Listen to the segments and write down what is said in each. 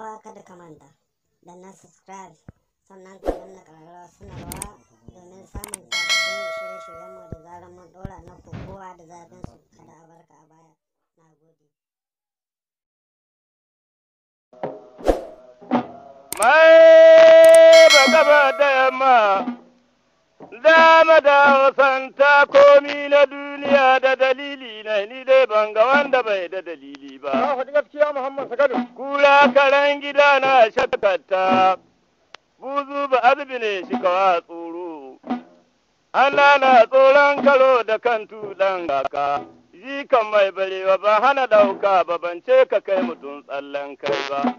uwa kada ka manta da na subscribe sannan ka danna ƙararrawa rawa domin samun sabbin shirye-shiryenmu da zarar mun ɗora na kowa da zafin su kada a barka a baya na gode mai ba gaba da yamma dama da santa komi na duniya da dalili ni dai ban ga wanda bai da dalili ba. Ka faɗi gaskiya Muhammad Sagadu. Kura karen gida na shakkata buzu ba azubi ne shi kawa tsoro. Allah na tsoron karo da kan tuɗan kaka. Ji kan mai barewa ba hana ɗauka ba bance ka kai mutum tsallen kai ba.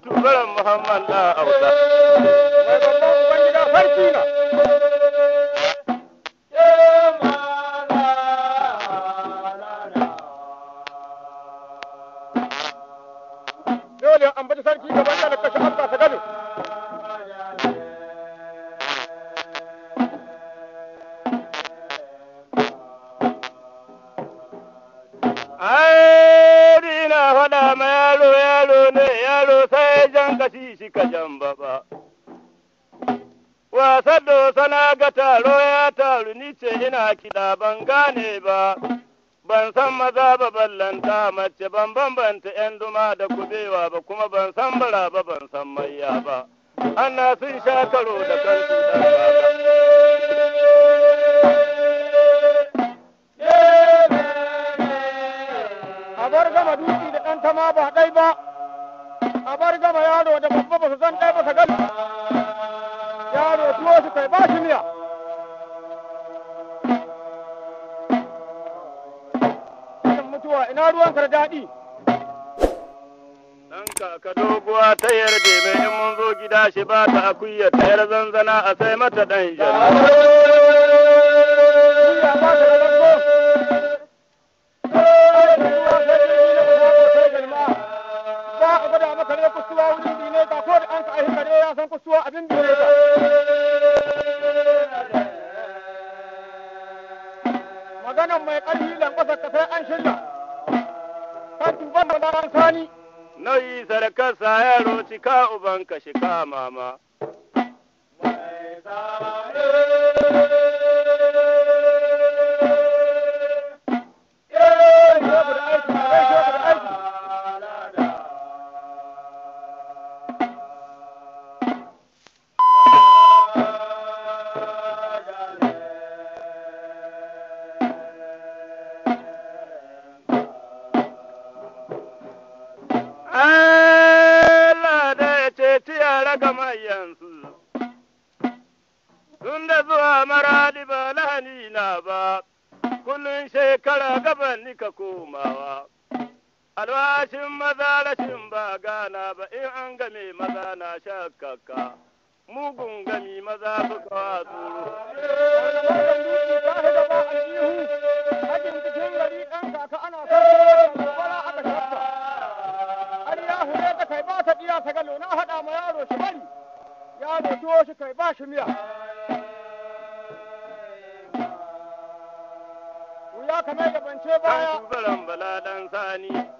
turan muhammad na auta sai jan kashi shi ka jan baba. Wasa dosa na ga taro ya taru ni ce ina kiɗa ban gane ba, ban san maza ba ballanta mace ban bambanta ‘yan duma da kubewa ba kuma ban san bara ba ban san mayya ba. Ana sun sha karo da kansu gama dutse da ɗan tama ba ɗai ba. a bar gama yaro da babba ba su san ɗaya ba ka gama yaro tuwo su kai ba shi miya mutuwa ina ruwan da daɗi dan kaka doguwa ta yarda mai in mun zo gida shi ba ta akuyya ta yar zanzana a sai mata ɗan jana kare kusuwa wajen dine ka ko da an ka kare ya san kusuwa abin da ka maganan mai ƙarfi lankwasa ka sai an shirya kan tuban da ran sani nayi sarakar sayaro cika uban ka shika mama mai rashin maza rashin ba gana ba in an game maza na shakaka mugun gami maza buga wa kai ba ta ta na haɗa ma yaro shi bari yaro tuwo shi kai ba shi miya wuya kamar da bance baya bala dan sani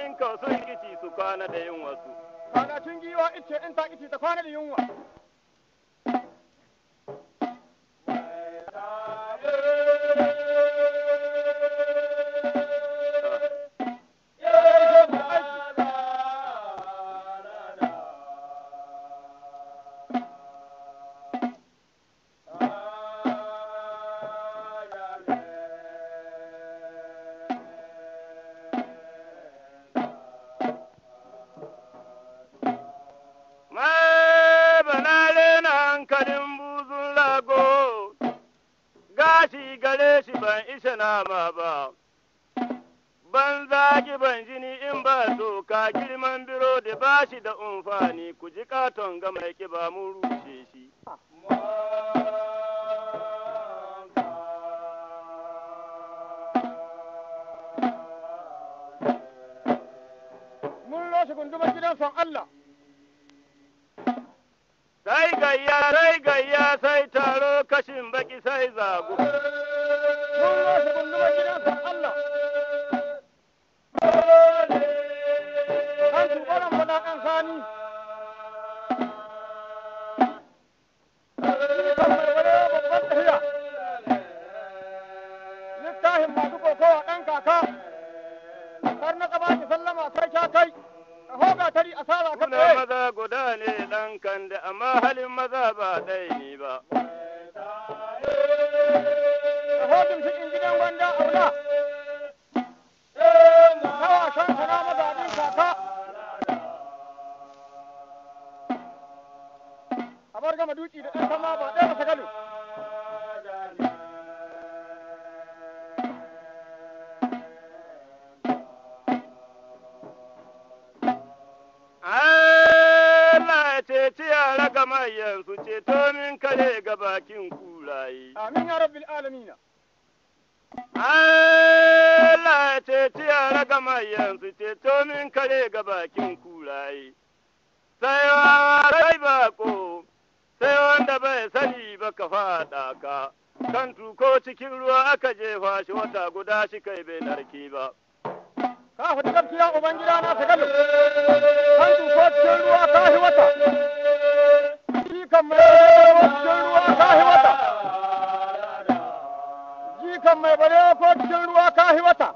kan sun kici su kwana da yunwa su. Kaga tun giwa ita in ta kici ta kwana da yunwa. son Allah. Sai gayya, sai gayya, sai taro kashin baki sai zago. Mun wasu gunduma gidan son Allah. An tuɓaran fana ɗan sani. Littafin masu kokowa ɗan kaka. Har na ƙaba ki sallama sai sha kai. asara ka maza guda ne ɗan kanda amma halin maza ba ɗaya ne ba. ruwa aka jefa shi wata guda shi kai bai narki ba. Ka faɗi gaskiya Ubangida na ta galo, kan ko cikin ruwa ka shi wata, jikan mai ko cikin ruwa ka shi wata, jikan mai balewa ko cikin ruwa ka shi wata.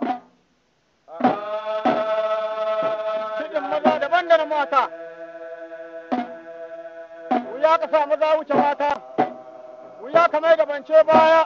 Cikin maza daban da na mata, wuya ka sa maza wuce mata, wuya ka mai da bance baya.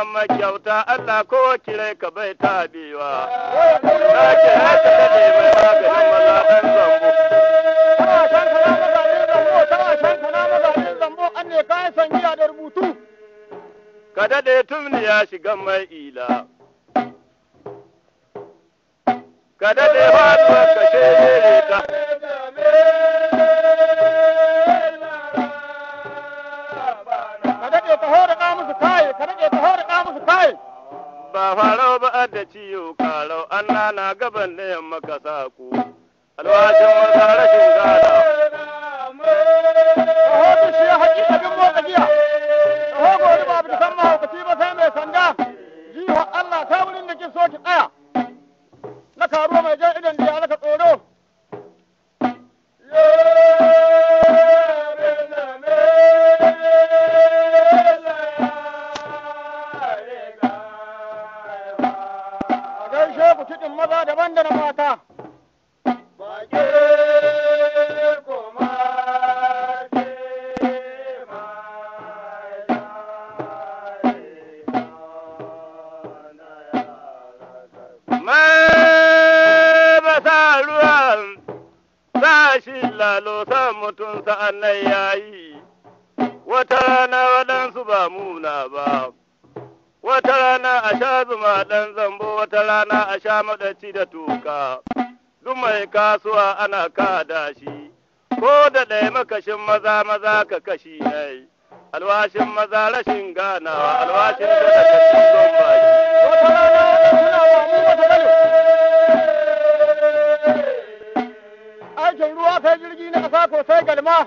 mamma kyauta Allah ko kire ka bai ta biwa. Na haka da ne mai maganin maza ɗan zambo. Tana shan kana mazanin zambo, tana shan kana mazanin zambo, an ne kayan sangiya da rubutu. Ka dade tumni ya shiga mai ila. Ka dade faduwar ka ne ta. ba farau ba da ciyo karau an na gaban da yamma ka sa ku alwashin ta rashin gada rahoto shi ya haƙi abin motsa giya rahoto wani ba bisa mahaukaci ba sai mai sanda jiwa Allah ta wurin da ke so ki tsaya na karuwa mai jan idan da ya naka tsoro maza daban da na mata. lalo sa mutum sa'an nan yayi wata rana waɗansu ba muna ba. wata rana a sha zuma ɗan zambo wata rana a sha maɗaci da tuka duk mai kasuwa ana da shi ko da ɗaya makashin maza maza ka kashi ai alwashin maza rashin ganawa alwashin da ka don wata rana aikin ruwa sai jirgi na ƙasa ko sai galma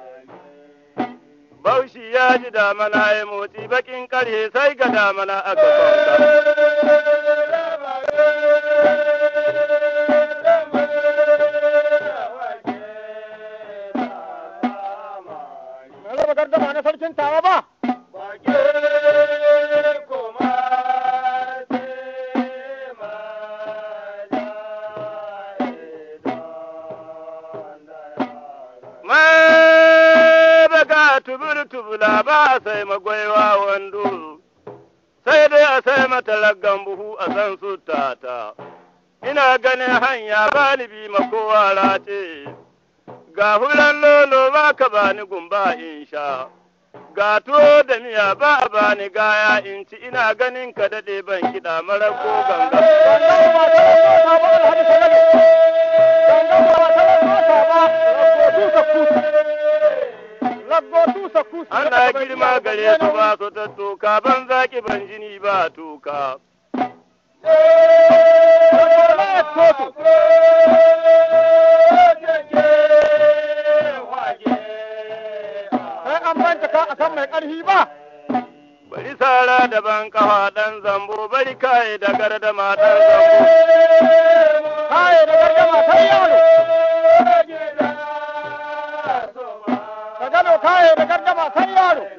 ya ji damana ya motsi bakin karye sai ga damana a gaban ka. Na raba gardama na sarkin tawa ba. tubur tubula ba a sai magwaiwa wando, sai dai a sai matalaggan buhu a san ta-ta Ina ganin hanya ba ni bi makowa race, ga hulan lolo ba ka bani gumba in sha, ga tuwo da miya ba a bani gaya in ci ina ganin ka daɗe ban kiɗa marar ko ganga. ana girma gare su ba su ta toka ban zaki ban jini ba toka Bari tsara da ban kawa ɗan zambo bari kaye da da ɗan zambo. Kaye da da kai yaro. ¡Cállate! Ricardo ¡Cállate!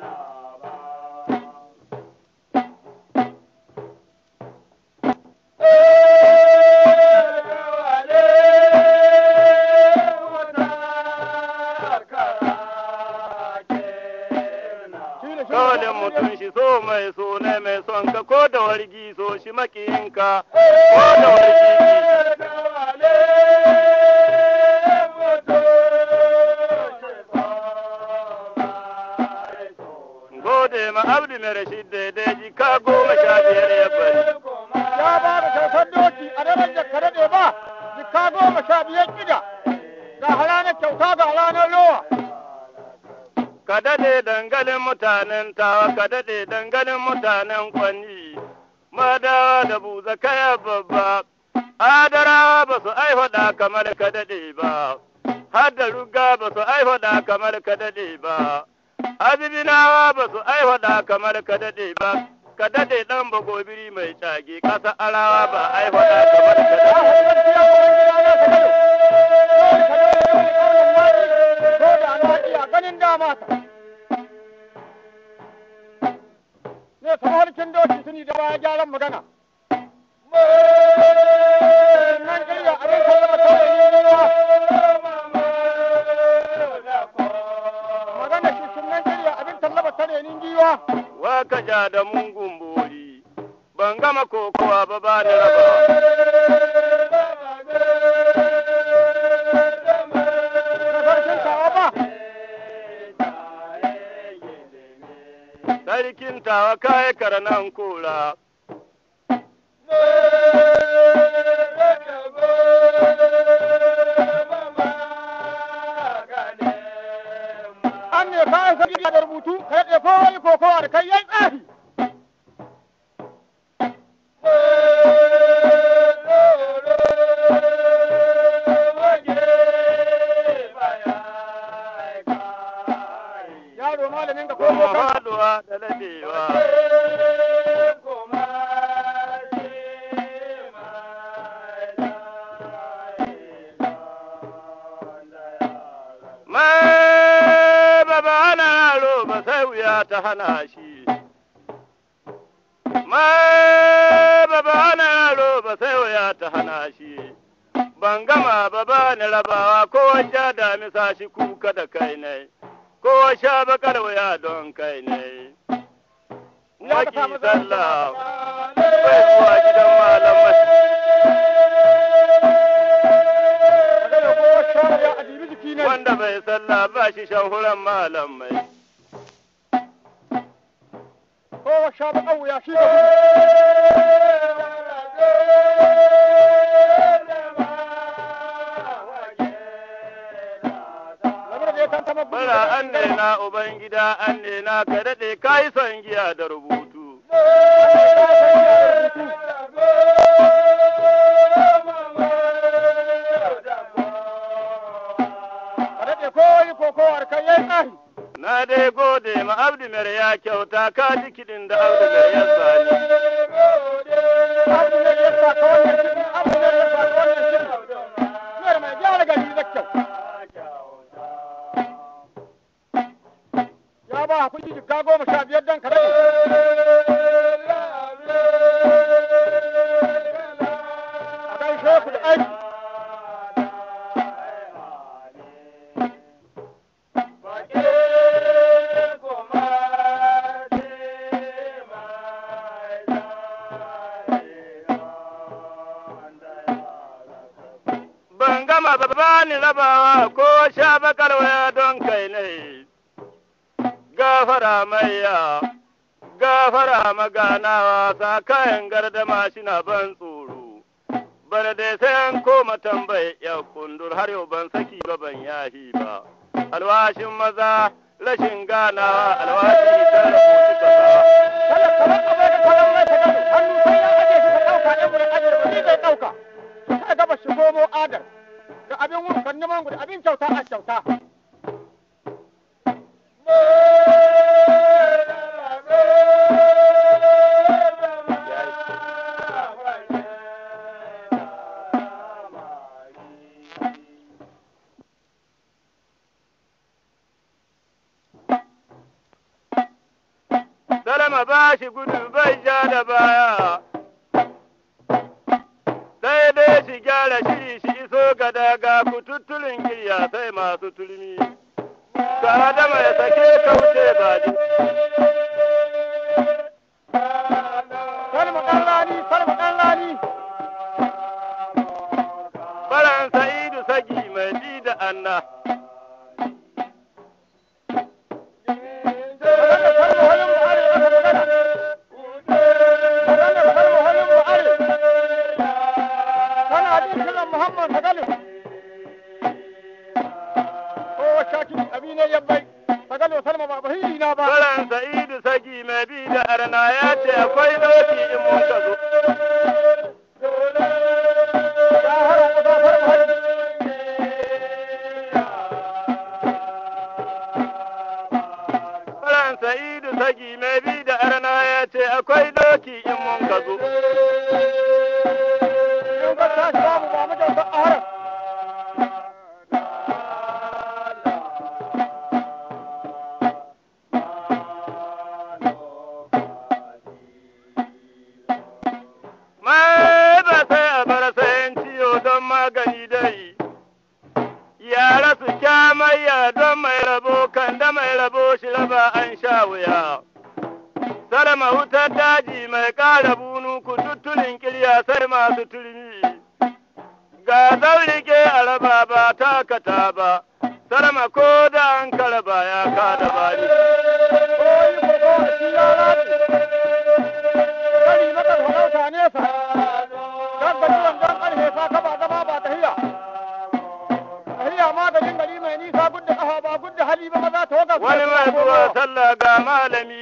mai rashid da ya jika goma sha biyar ya bari. Ya ba da kyautar doki a darajar ka daɗe ba jika goma sha biyar gida ga halanar kyauta ga halanar lowa. Ka daɗe dangalin mutanen tawa ka daɗe dangalin mutanen kwanyi. Madawa da buza kaya babba, adarawa ba su aihuda kamar ka daɗe ba, har da ruga ba su aihuda kamar ka daɗe ba. Azibinawa ba su aiwada kamar ka dade ba, ka dade ɗan bagobiri mai cage, ƙasa arawa ba aiwada kamar ka dade ba. Ne kamar cin doki suni da baya gyaran magana. ka an san da rubutu kai ko wani kokowa da kai yayi tsafi sa shi kuka da kai ne, ko sha bakar waya don kai ne. Waki sallah, bai kuwa gidan malamai. Wanda bai sallah ba shi shahuran malam mai Kowa sha bakar waya shi da kama bara an ne na ubangida an ne na ka dade kai son giya da rubutu Na dai gode ma Abdu ya kyauta ka ji kiɗin da Abdu ya sani. ba kun ji jigga goma sha biyar don kare gafara maiya gafara maganawa sa kayan gardama shina ban tsoro bar dai sai an koma tambaye ya kundur har yau ban saki ba ban yahi ba alwashin maza rashin ganawa alwashin ta rubuci kasa kada kamar kamar da kamar mai ta gado hannu sai ya aje shi ka dauka ɗan wurin ajar ba zai dauka ka gaba shi gomo adar ga abin wurkan neman gudu abin kyauta a kyauta. ma ba shi gudu bai ja da baya. Sai dai shi gyara shiri shi iso ga daga ku kututturin giriya sai masu turmi. Ga Adama ya sake kauce baji. Salmu ɗan rani, salmu ɗan rani. gaba. Karan Sa'idu Sagi mai bi da arna ya ce akwai doki in daji mai ƙara bunu ku tuttunin kirya sai masu turmi. Ga zaurike a raba ba takata ba, sarma ko da an karaba ya Kari ka ba zama ba tahiya. mai nisa gudda kafa ba gudda hali ba ta waka. Wani mai buwa sallah ga malami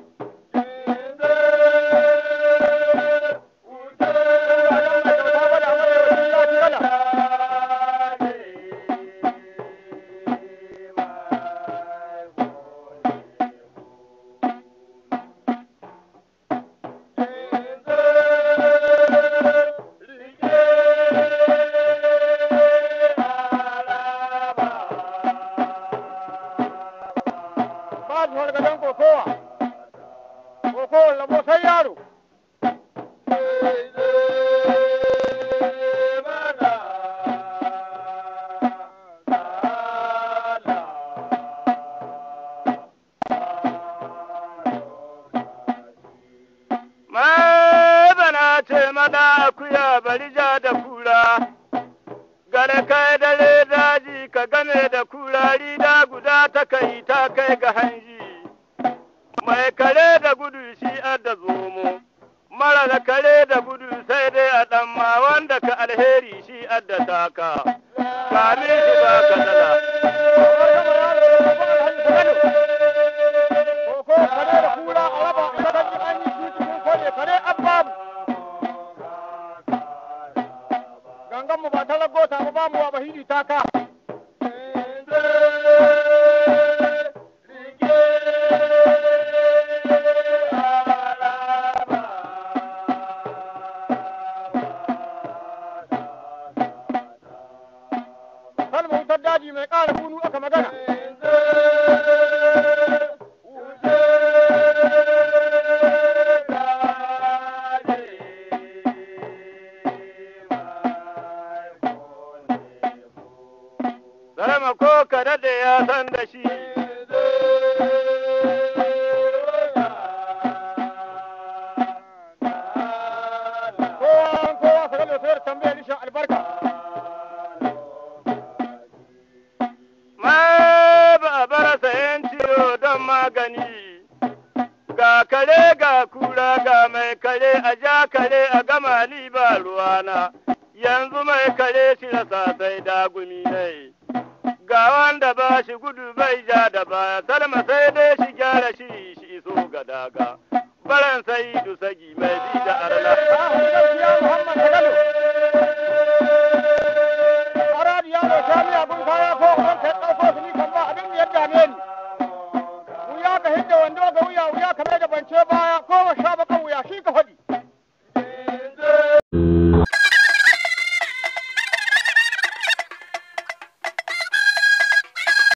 akuya bari ja da kura, gare kai dare daji ka game da kurari da guda ta kai ta kai ga hanyar kare a ja kare a gama ni ba ruwana yanzu mai kare shi rasa sai dagumi ne ga wanda ba shi gudu bai ja da baya salma sai dai